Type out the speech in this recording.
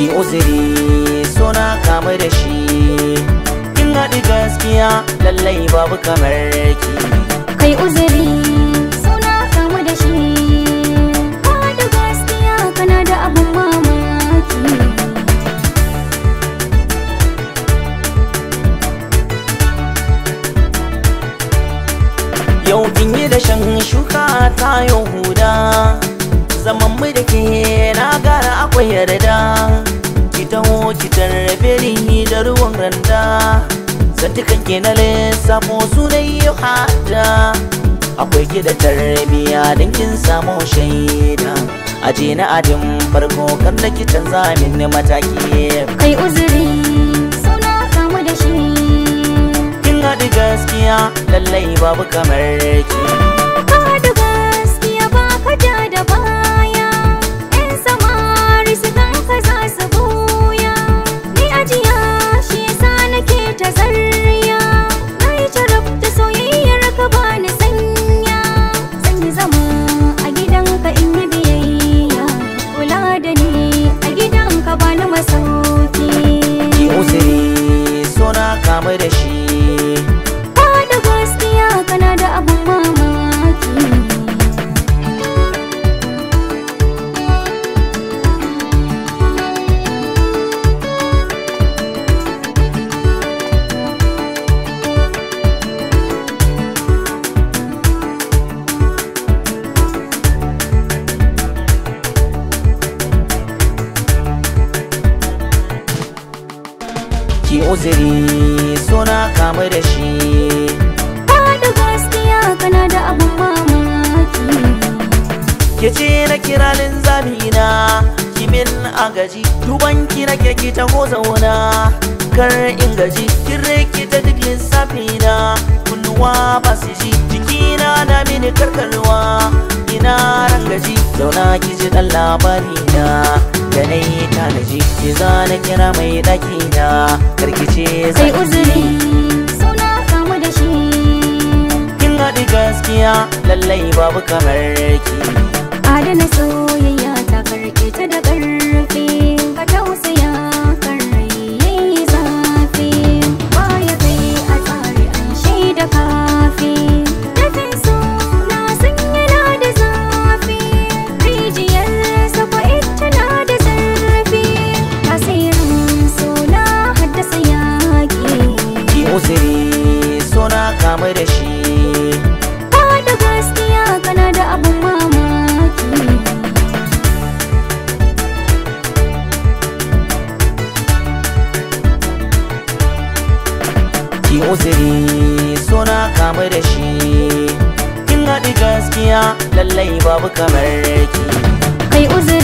miki uziri suna kamu da shi kin haɗi gaskiya lallai babu kamar ki kai uziri suna kamu da shi da gaskiya kana da abun mamaki yau kin yi da shan shuka ta yau huda zaman mu da ke na gara akwai yarda ki tarrabe ni da ruwan randa zanti kanke na lesa su da yi hada akwai ki da tarbiya don kin samu shaida aje na adin farko kan na ki canza min mataki kai uzuri suna kamu da shi kin gaskiya lallai babu kamar ki mu da yi uzuri suna kamu da shi da gaskiya kana da abun mamaki ke ce na kiralin zamina kimin a gaji dubanki na ta ko zauna kar in gaji kirki ta duk lissafina kulluwa ba su ji jikina na mini karkarwa ina rangaji zauna ki ji dan labari da na yi tanaji ki za na kira mai ɗaki na karkice sai uzuri faɗi gaskiya lallai babu kamar ki adana soyayya ta karke da ƙarfi uzuri suna na kamu da shi ba da gaskiya kana da abun mamaki ki uzuri so na kamu da shi kin gaɗi gaskiya lallai babu kamar ki kai uziri